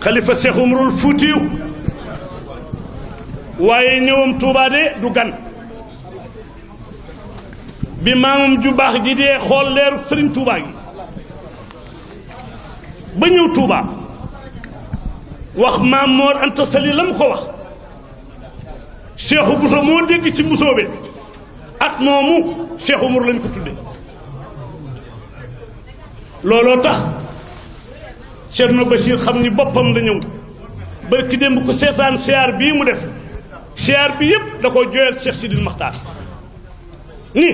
xalifa Cheikh Umarul Fuutiyu waaye ñëwam Touba de du gan bi maamam ju baax ji dee xool leeru sëriñ Touba gi ba ñëw Touba wax maam Moor Anta Sali la mu ko wax Cheikhu Bousso moo dégg ci Mbusoobe at moomu Cheikh Umar lañ ko tudde looloo tax Cerno Bachir xam ni boppam la ñëw barki démb ko seetaan siyaar bii mu def siyaar bi yëpp da koo jooyal Cheikh Sidil Maxtaar ni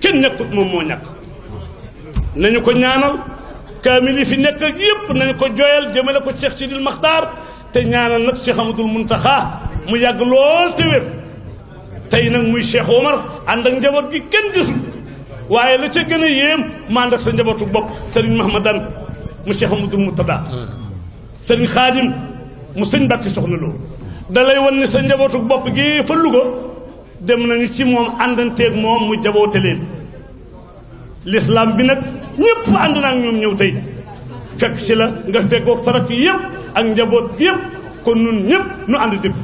kenn nekkut moom moo ñàkk nañu ko ñaanal kaamil yi fi nekk ak yëpp nañu ko jooyal jëmale ko Cheikh Sidil Maxtaar te ñaanal nag Cheikh Amadul Muntaxa mu yàgg lool te wér tey nag muy Cheikh Omar ànd ak njaboot gi kenn gisul waaye la ca gën a yéem ma ànd ak sa njabootu bopp Serigne Mahmadan mu Cheikh Amadou Moutada sëriñ Xaadim mu sëñ Mbàkke soxna Lo da lay wan sa njabootu bopp gi fa Louga dem nañu ci moom àndanteeg moom mu jaboote leen lislaam bi nag ñëpp ànd naa ak ñoom ñëw tey fekk si la nga fekkoog saraf yi yëpp ak njaboot gi yëpp kon nun ñëpp nu ànd dëgg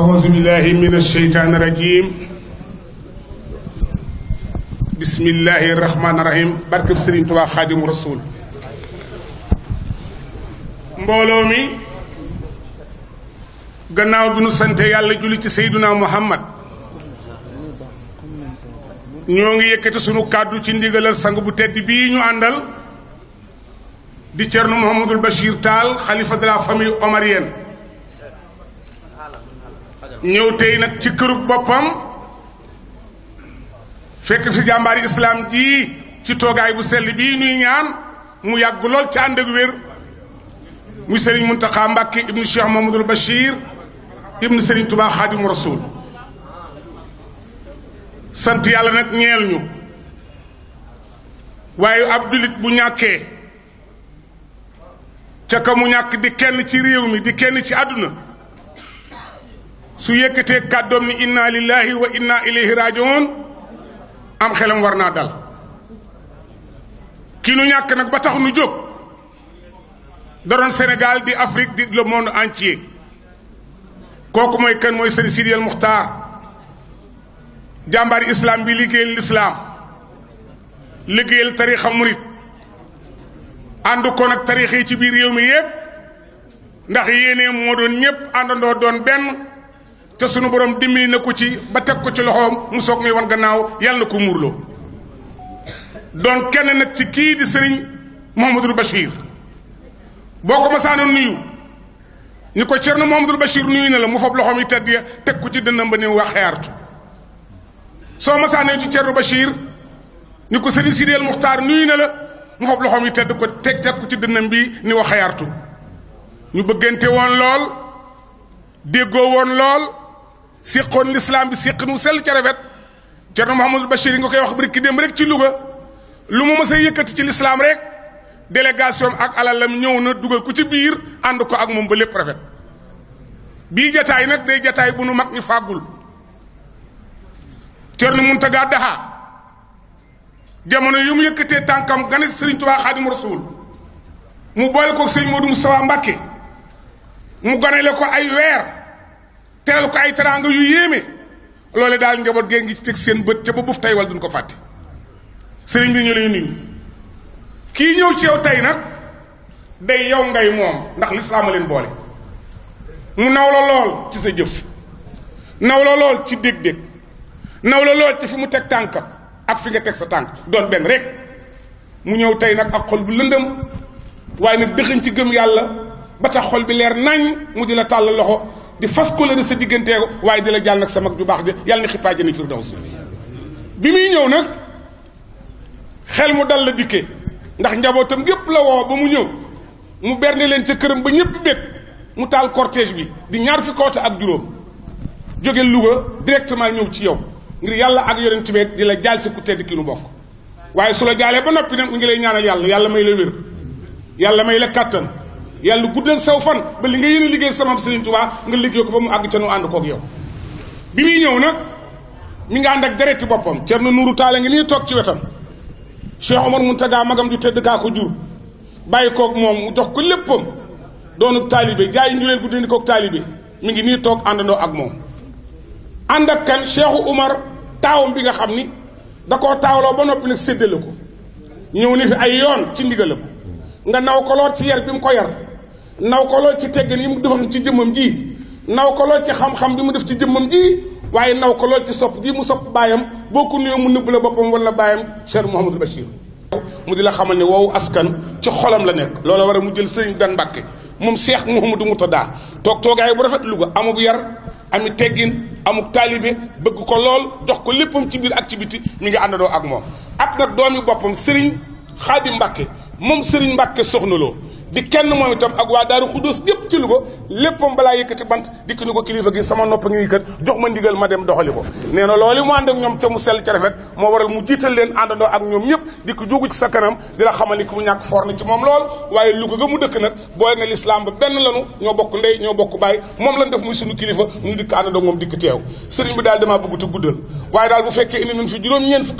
أعوذ بالله من الشيطان الرجيم بسم الله الرحمن الرحيم barke Sëriñ Tuubaa Xaadimu Rasuul mbooloo mi gannaaw bi nu sante yàlla julli ci Seyduna Muhammad ñoo ngi yëkkati sunu kàddu ci ndigalal sang bu tedd bii ñu àndal di Cerno Mouhamadul Bachir Tall xalifa de la famille omarienne ñëw tey nag ci kërug boppam fekk fi jàmbaari islaam ji ci toogaay bu sell bii ñuy ñaan mu yàgg lool ci ànd ak wér muy sëriñ Muntaxa Mbàkke ibnu Cheikh Mamadul Bachir Xaadimu Rasuul sant yàlla nag ñeel ñu waaye ab jullit bu ñàkkee ca ka mu ñàkk di kenn ci réew mi di kenn ci àdduna su yëkkatee kàddoom ni inna lillahi wa inna ilayhi rajiun am xelam war naa dal ki nu ñàkk nag ba tax nu jóg da doon Sénégal di Afrique di le monde entier kooku mooy kan mooy sëriñ Sidi El Muxtaar jàmbaari islam bi liggéeyal lislaam liggéeyal tariixa murit ànd ko nag ci biir réew mi yépp ndax yéene moo doon ñépp àndandoo doon benn te sunu borom dimbali na ko ci ba teg ko ci loxoom mu soog muy wan gannaaw yàlla ko muurloo doon kenn nag ci kii di sëriñ Mouhamadul Bachir boo ko masaanoon nuyu ñu ko Cerno Mouhamadul Bachir nuyu na la mu fab loxoom yi tedd ya teg ko ci dënnam ba ne wax xeyaartu soo masaanee ci Cerno Bachir ñu ko sëriñ Sideel Muxtaar nuyu na la mu fab loxoom yi tedd ko teg teg ko ci dënnam bi ni wax xeyaartu ñu bëggante woon lool déggoo woon lool séqoon lislaam bi séqin wu sell ca rafet Cerno Mouhamadou Bachir yi nga koy wax barki dem rek ci Louga lu mu mës a yëkkati ci lislaam rek délégation ak alalam ñëw na dugal ko ci biir ànd ko ak moom ba lépp rafet bii jataay nag day jataay bu nu mag ñu fàggul Cerno Muntaga Daha jamono yu mu yëkkatee tànkam gane Sëriñ Tuubaa Xaadimu Rasuul mu boole ko sëñ Moodu Mustafaa Mbàkke mu ganale ko ay weer teral ko ay teraanga yu yéeme loole daal njaboot gee ngi ci teg seen bët ca ba buuf tey wal duñ ko fàtte sëriñ bi ñu lay nuyu kii ñëw ci yow tey nag day yow ngay moom ndax lislaama leen boole mu naw la lool ci sa jëf naw la lool ci dég-dég naw la lool ci fi mu teg tànk ak fi nga teg sa tànk doon benn rek mu ñëw tey nag ak xol bu lëndëm waaye nag dëxëñ ci gëm yàlla ba tax xol bi leer nañ mu di la tàll loxo di fas kóllëre sa digganteego waaye di la jàll nag sa mag ju baax de yàlla na xippaa jëne firdaws bi muy ñëw nag xel mu dal la dikkee ndax njabootam gépp la woo ba mu ñëw mu berne leen ca këram ba ñëpp bég mu taal cortège bi di ñaar fi koota ak juróom jóge Louga directement ñëw ci yow ngir yàlla ak yonent bi di la jaal si ku tedd ki nu bokk waaye su la jaalee ba noppi nag mu ngi lay ñaanal yàlla yàlla may la wér yàlla may la kàttan yàlla guddal saw fan ba li nga yéen a liggéey sama Serigne Touba nga liggéey ko ba mu àgg ca nu ko koog yow. bi muy ñëw nag mi nga ànd ak dereti boppam Thierno Nourou Talla ngi nii toog ci wetam Cheikh Omar Mountaga magam ju tëdd kaa ko jur bàyyi koog moom mu jox ko léppam doonub taalibe jaay njuleen guddee ni koog taalibe mi ngi nii toog àndandoo ak moom. ànd ak kan Cheikh Umar taawam bi nga xam ni da koo taawloo ba noppi nag séddale ko ñëw ni fi ay yoon ci ndigalam nga naw ko lool ci yar bi mu ko yar. naw ko lool ci teggin yi mu defal ci jëmmam ji naw ko lool ci xam-xam bi mu def ci jëmmam ji waaye naw ko lool ci sopp gi mu sopp baayam boo ko nuyoo mu nëbb la boppam wala baayam Cheikh Mouhamadou Bachir. mu di la xamal ne wow askan ci xolam la nekk loola war a mu jël sëriñ Dan Mbàkke moom Cheikh Mouhamadou daa toog toogaay bu rafet luga amub yar ami teggin amuk taalibe bëgg ko lool jox ko léppam ci biir activité mi ngi àndandoo ak moom. ak nag doomi boppam Serigne Xaadim Mbàkke moom Serigne Mbàkke soxna loo di kenn moom itam ak waa daaru xudus gépp ci Louga léppam balaa yëkkati bant dikk ni ko kilifa gi sama nopp ngi kat jox ma ndigal ma dem doxali ko nee na loolu mu ànd ñoom te mu sell ca rafet moo waral mu jiital leen àndandoo ak ñoom ñëpp dikk jógu ci sa kanam di la xamal ni ku mu ñàkk foor ci moom lool waaye Louga ga mu dëkk nag booy na lislaam ba benn lanu ñoo bokk ndey ñoo bokk bàyyi moom lan def muy suñu kilifa ñu dikk àndandoo moom dikk teew sëriñ bi daal damaa bëgg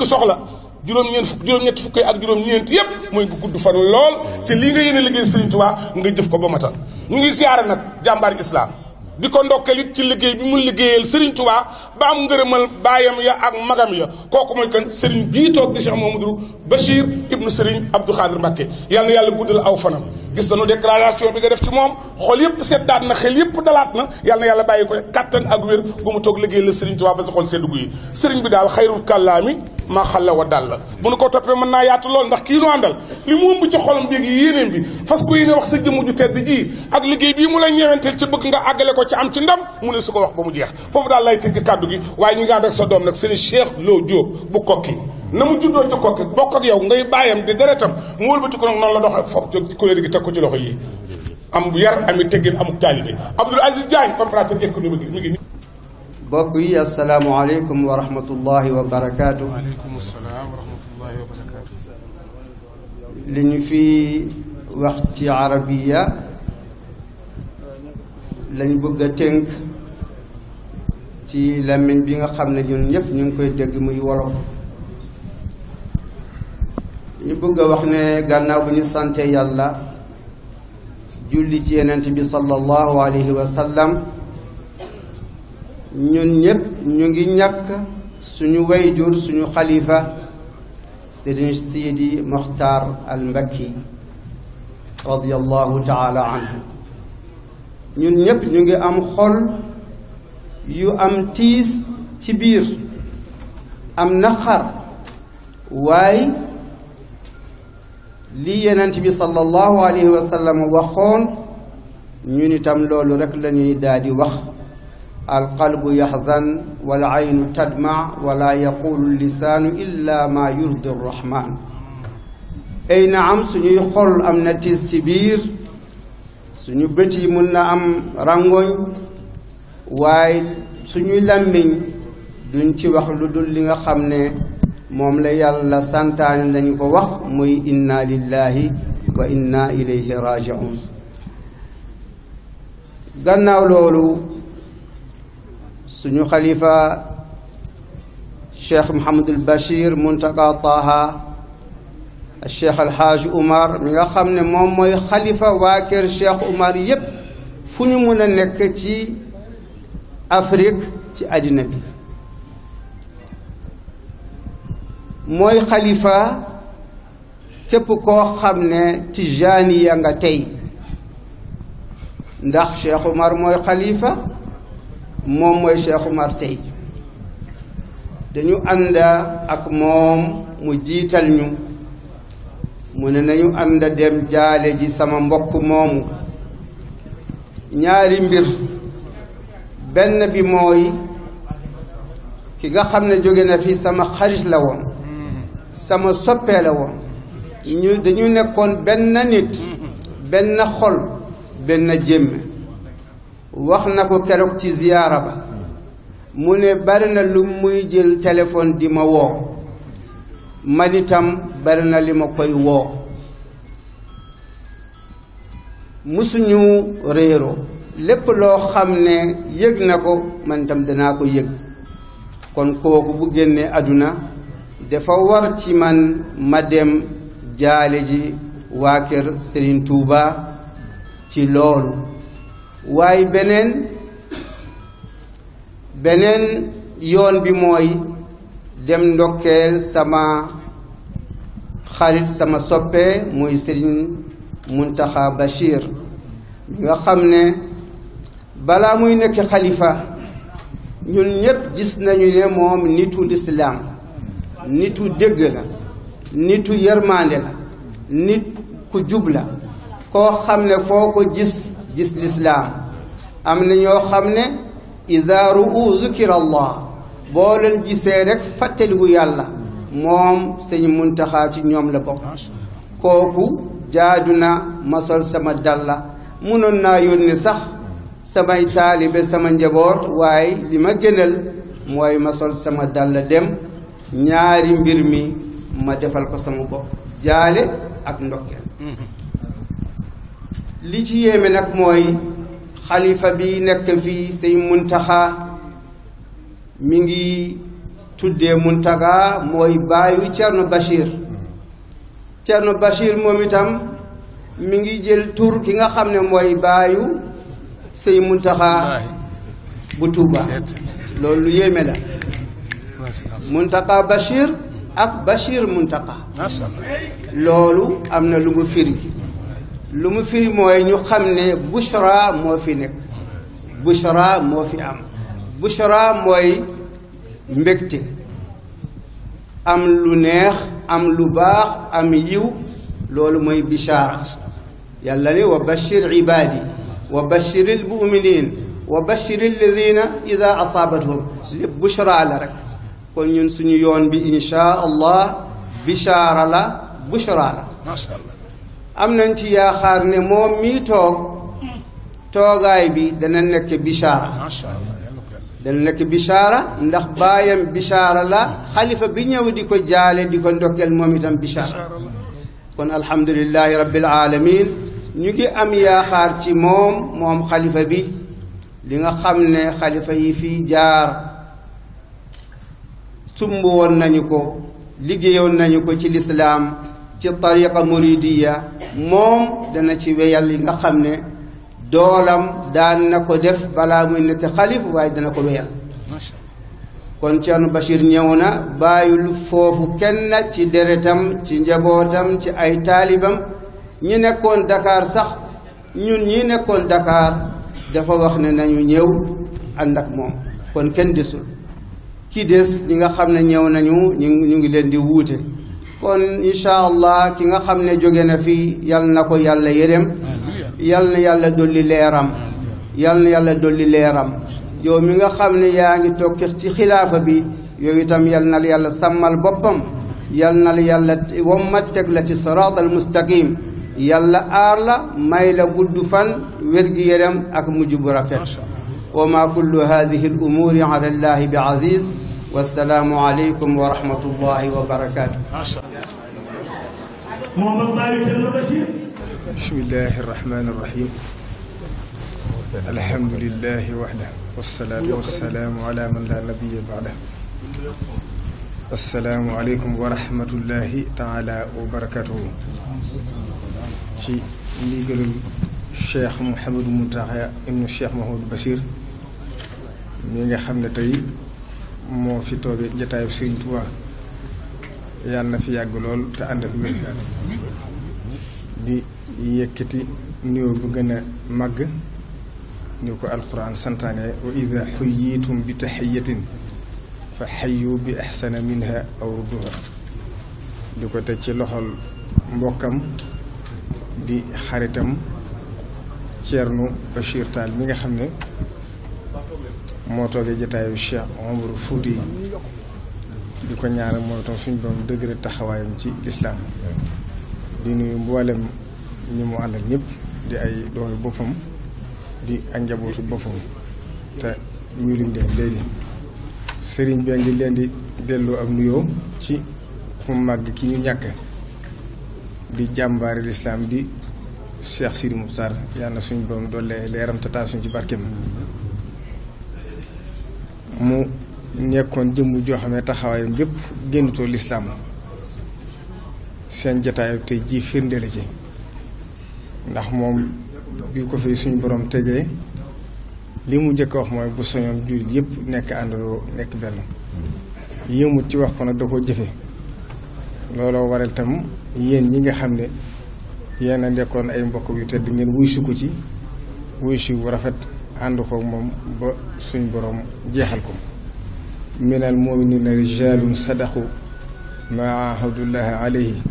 soxla juróom-ñeent fukk juróom-ñetti fukk ak juróom-ñeent yépp mooy nga gudd fan lool ci lii nga yéene liggéey Serigne Touba nga jëf ko ba matal mu ngi siyaare nag jàmbaar islam di ko ndokkeel it ci liggéey bi mu liggéeyal Serigne Touba ba am ngërëmal baayam ya ak magam ya kooku mooy kan Serigne bii toog di Cheikh Mamadou Bachir ibnu Serigne Abdou Khadir Mbacké yal na yàlla guddal aw fanam gis nañu déclaration bi nga def ci moom xool yëpp seddaat na xel yëpp dalaat na yal yàlla bàyyi ko kattan ak wér gu mu toog liggéeyal Serigne Touba ba sa xol seddu yi Serigne bi daal xayrul kàllaami maa xalla wa dal la bu nu ko toppee mën naa yaatu lool ndax kii nu àndal li mu ëmb ci xolam béegi yéeneen bi fas ko yéene wax sa jëmm ju tedd ji ak liggéey bii mu lay ñeewenteel ci bëgg nga àggale ko ci am ci ndam mu ne su ko wax ba mu jeex foofu daal lay tënk kàddu gi waaye ñu ngi ànd ak sa doom nag sëriñ Cheikh Lo Diop bu kokki na mu juddoo ci kokki bokk ak yow ngay bàyyam di deretam mu wëlbati noonu la doxee foofu kuréel gi teg ko ci mbokk yi asalaamualeykum wa rahmatullahi wa barakaatu. wa barakaatu. li ñu fi wax ci arabiya lañ bëgg tënk ci làmmiñ bi nga xam ne ñun ñëpp ñu ngi koy dégg muy wolo ñu bëgg a wax ne gànnaaw bu ñu sante yàlla julli ci yenent bi sallallahu alayhi wa sallam. ñun ñëpp ñu ngi ñàkk suñu wayjur suñu xalifa Sëriñ Sidi Moxtaar al Mbakki radiyallahu ñëpp ñu ngi am xol yu am tiis ci biir am naqar waaye lii yenent bi sallallahu alayhi wa sallam waxoon ñun loolu rekk lañuy ñuy wax alqalbu yaxzan wal aynu tadma wala yaqulu lisaanu illa ma yurdi rahman ay na am suñuy xol am na tiis ci biir suñu bët yi mën na am rangoñ waaye suñuy làmmiñ duñ ci wax lu dul li nga xam ne moom la yàlla santaane lañu ko wax muy inna lillahi wa inna ilayhi rajiun gannaaw loolu suñu xalifa cheikh Mouhamadul Bachir Muntaka Taha ak cheikh Alhaji Umar mi nga xam ne moom mooy xalifa waa kër Umar yépp fu ñu mën a nekk ci Afrique ci àddina bi mooy xalifa képp koo xam ne tijaani ya nga tey ndax cheikh Umar mooy xalifa. moom mooy Cheikh Oumar Dieye dañu ànd ak moom mu jiital ñu mu ne nañu ànd dem jaale ji sama mbokk moomu ñaari mbir benn bi mooy ki nga xam ne jóge na fi sama xarit la woon sama soppee la woon ñu dañu nekkoon benn nit benn xol benn jëmm wax na ko keroog ci ziyaara ba mu ne bari na lu muy jël téléphone di ma woo man itam bari na li ma koy woo musuñu réeroo lépp loo xam ne yëg na ko man itam danaa ko yëg kon kooku bu génnee àdduna dafa war ci man ma dem jaale ji waa kër Serigne Touba ci loolu waaye beneen beneen yoon bi mooy dem ndokkeel sama xarit sama soppe muy Sëriñ Muntaxa Bachir mi nga xam ne balaa muy nekk xalifa ñun ñépp gis nañu ne moom nitu lislaam la nitu dégg la nitu yërmande la nit ku jub la koo xam ne foo ko gis gis lislaam am na ñoo xam ne ida ruu zukira allah boo leen gisee rek fàttaliku yàlla moom sëñ muntaxaa ci ñoom la bokk kooku jaadu na ma sama dalla munoon naa yónni sax samay taalibe sama njaboot waaye li ma gënal mooy masol sama dalla dem ñaari mbir mi ma defal ko sama bopp jaale ak ndokkeel mhm. li ci yéeme nag mooy xalifa bi nekk fii sëñ Muntaxa mi ngi tuddee Muntaga mooy baayu Cerno Bachir Cerno Bachir moom itam mi ngi jël tur ki nga xam ne mooy baayu sëñ Muntaxa bu Tuuba loolu lu yéeme la Muntaga Bachir ak Bachir Muntaga loolu am na lu mu firi lu mu firi mooy ñu xam ne bushra moo fi nekk bushra moo fi am bushra mooy mbégte am lu neex am lu baax am yiw loolu mooy bishaara yàlla ni wa bashir ibaadi wa bashir al wa bashir alladina ida asaabathum lépp bushra la rek kon ñun suñu yoon bi insha allah bishaara la bushra la am nañ ci yaakaar ne moom mii toog toogaay bi dana nekk bishaara dana nekk bishaara ndax baayam bishaara la xalifa bi ñëw di ko jaale di ko ndokkeel moom itam bishaara kon alhamdulillahi rabbil alamin ñu ngi am yaakaar ci moom moom xalifa bi li xam ne xalifa yi fii jaar sumb nañu ko liggéeyoon nañu ko ci lislaam ci tariqa muridiya moom dana ci weyal yi nga xam ne doolam daan na ko def balaa muy nekk xalif waaye dana ko weyal kon Thierno Bachir ñëw na bàyyul foofu kenn ci deretam ci njabootam ci ay taalibam ñi nekkoon dakaar sax ñun ñi nekkoon dakaar dafa wax ne nañu ñëw ànd ak moom kon kenn desul ki des ñi nga xam ne ñëw nañu ñu ngi leen di wuute kon incha allah ki nga xam ne jóge na fi yal na ko yàlla yërëm yal na yàlla dolli leeram yal na yàlla dolli leeram yow mi nga xam ne yaa ngi toog ci xilaafa bi yow itam yal nal la yàlla sàmmal boppam yal nal la yàlla wommat teg la ci siraat al mustaqim yàlla aar la may la gudd fan wér-gi-yaram ak mujj bu rafet wa ma kullu hadihi al umuri ala bi aziz wasalaamu aleykum wa rahmatullahi wa barakaatu. bismillahi rahmaani rahiim. alhamdulilahi waxda wasalaatu wasalaamu ala man laa nabiya baada. asalaamu aleykum wa rahmatullahi taala wa barakaatuhu. ci ndigalul Cheikh Mouhamadou Mountakha ibnu Cheikh Mouhamadou Bachir mi nga xam ne tey. moo fi toogee jataayub Serigne Touba yàlla na fi yàgg lool te ànd ak wér di yëkkati nuyoo bu gën a màgg ni ko alquran santaane wa ida xuyitum bi taxiyatin fa xayu bi axsana minha aw rudduha di ko teg ci loxol mbokkam di xaritam Thierno Bachir Tall mi nga xam ne moo toogee jotaayu Cheikh Omar Fouti di ko ñaanal mooy tam suñu doom dëgëre taxawaayam ci lislaam di nuyu mboolem ñi mu àndal ñëpp di ay doomi boppam di ak njabootu boppam te ñuy luñ leen léegi sëriñ bi ngi leen di delloo ak nuyoo ci ku màgg ki ñu ñàkk di jàmbaari lislaam di Cheikh Sidi Moukhtar yàlla na suñu doom doole leeram te taasuñ ci barkeem mu nekkoon jëmm joo xam ne taxawaayam bépp génnutoo lislaam seen jataayu te jii firnde ci ndax moom bi ko fi suñu borom tegee li mu njëkk wax mooy bu soñoon jullit yépp nekk àndandoo nekk benn yëmut ci wax ko nag da koo jëfe looloo waral tam yéen ñi nga xam ne yéen a nekkoon ay mbokk yu tedd ngeen wuy su ko ci wuy wu rafet ànd koog moom ba suñ boroom jeexal ko minal muminina rijalun sadaqu ma ahadullahi alayhi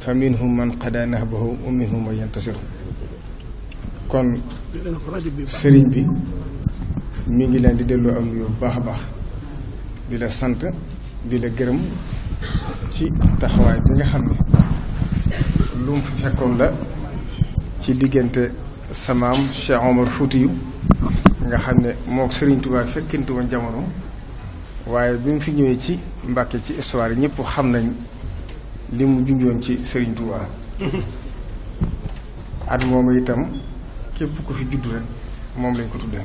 fa minhum man qada nahbahu wa minhum man yantasir kon sëriñ bi mi ngi leen di delloo am nuyoo bu baax a baax di la sant di la gërëm ci taxawaay bi nga xam ne lu mu fekkoon la ci diggante sa maam Cheikh Omar Foutiyou nga xam ne mook Serigne Touba fekkintu woon jamono waaye bi mu fi ñëwee ci Mbàkke ci histoire yi ñëpp xam nañ li mu junjoon ci Serigne Touba. at moom itam képp ku fi judd rek moom lañ ko tuddee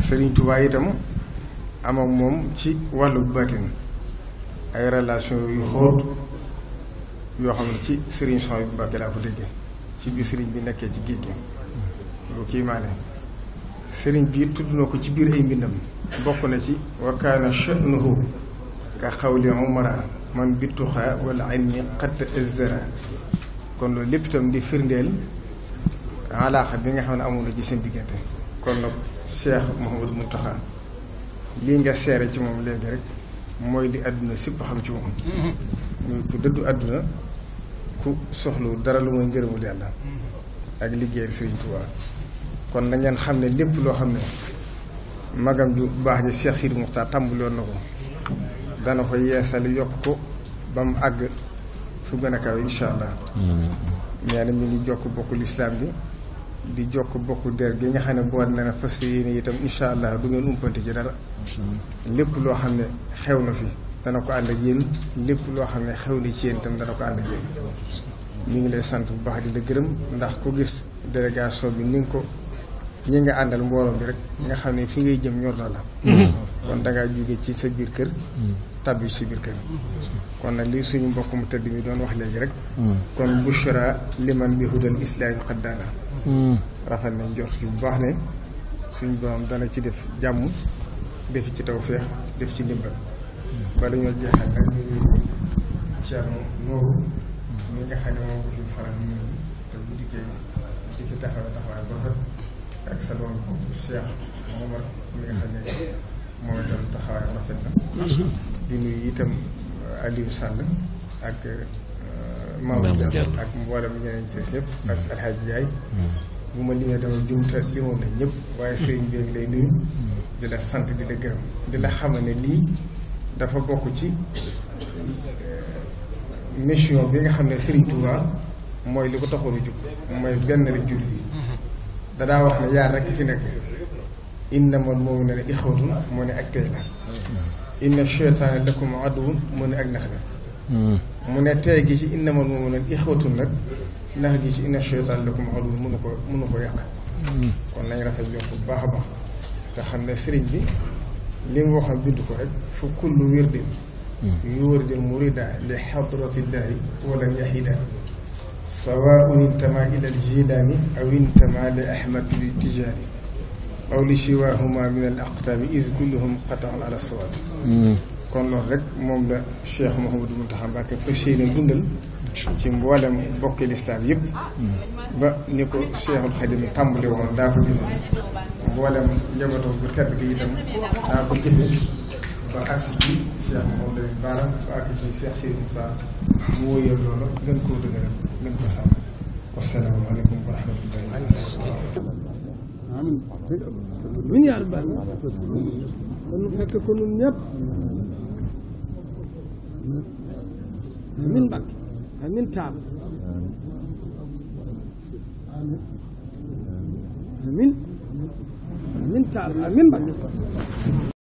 Serigne Touba itam am moom ci wàllu baatin ay relation yu xóot yoo xam ne ci Serigne Souhaïbou Mbacké laa ko déggee. ci bi sëriñ bi nekkee ci géej gi lu kii maa sëriñ bi tudd na ko ci biir ay mbindam bokk na ci wa kaana xaw ka xawli umara man bi tuxaa wala ilmi xatt azzara kon loolu lépp tam di firndeel alaaxa bi nga xam ne amul ci seen diggante kon nag Cheikh Mouhamadou Mountakha lii nga seere ci moom léegi rek mooy di àdduna sipp xam ci moom mm-hmm. muy ku dëddu àdduna ku soxlu dara lu mooy ngërëmul yàlla ak liggéeyal Sëriñ Tuubaa kon na xam ne lépp loo xam ne magam ju baax ji Cheikh Sidi Muxtaar tàmbali woon na ko dana ko yeesal yokk ko ba mu àgg fu gën a kaw incha allah nee na mi ngi jokk bokk lislaam bi di jokk bokk der gi nga xam ne boo na na fas yéene itam incha allah du ngeen umpante ci dara lépp loo xam ne xew na fi dana ko ànd ak yéen lépp loo xam ne xew li ci yéen itam dana ko ànd ak yéen ñu ngi lay sant bu baax di la gërëm ndax ku gis délégation bi ni nga ko ñi nga àndal mbooloo bi rek nga xam ne fi ngay jëm ñor na la kon dangaa jóge ci sa biir kër tàbbi ci biir kër kon nag li suñu mbokk mu tëdd mi doon wax léegi rek kon bushra liman bi hudal islaami qad daana rafet nañ jot ci bu baax ne suñu borom dana ci def jàmm def ci tawféex def ci ndimbal bala ñoo jeexal nag ñu ngi Thierno Nourou mi nga xam ne moom ko fi faral di ñëw te bu dikkee di fi taxawee taxawaay ba ak sa doom Cheikh Momar mi nga xam ne moom itam taxawaay rafet na. di nuyu itam Aliou Sall ak. Euh, Mamadou Diallo ak mboolem ñeneen Thiès ñëpp ak El Hadj mm. bu ma limee dama jumta limoon na ñëpp waaye sëriñ bi lay nuyu. Mm. di sant di la gërëm di la xamal ne lii. dafa bokk ci mission bi nga xam ne Serigne Touba mooy li ko taxoon a jug mooy benn rek jullit yi dadaa wax ne yaar rekk fi nekk innamal mu'minuna ixwatun moo ne ak tey la inna sheytaane ne ak nax la mu ne tey gi ci innamal mu'minuna ixwatun nag nax gi ci inna sheytaane lakum aduwwun mënu ko mënu ko yàq mm. kon lañ rafet jox bu baax a baax te xam ne sëriñ bi li mu waxoon bind ko rek fu kullu wirdin yuwardil murida li xadratillahi walam yaxida sawaun intama ila aljilaani aw intama li ahmad li tijaani aw li siwaahuma min al aqtaabi is kulluhum qataan ala sawaab hmm. kon loolu rek moom la Cheikh Mouhamadou Mountakha Mbacké fas yéene dundal ci mboolem bokki lislaam yëpp hmm. ba ni ko Cheikhul Xadim tàmbali woon daa ko dina mboolem njabootam bu tedd gi itam daa ko jëfe ba agsi ci Cheikh Mawla Baara ba agsi ci Cheikh Sidi Moussa mu wóoyee loolu gën koo dëgëral gën ko sàmm wasalaamaaleykum wa rahmatullahi lu ñu yàlla baax fekk ko ñun ñëpp amin Mbàkke amin taam amin amiin te àdduna amiin Mbàkke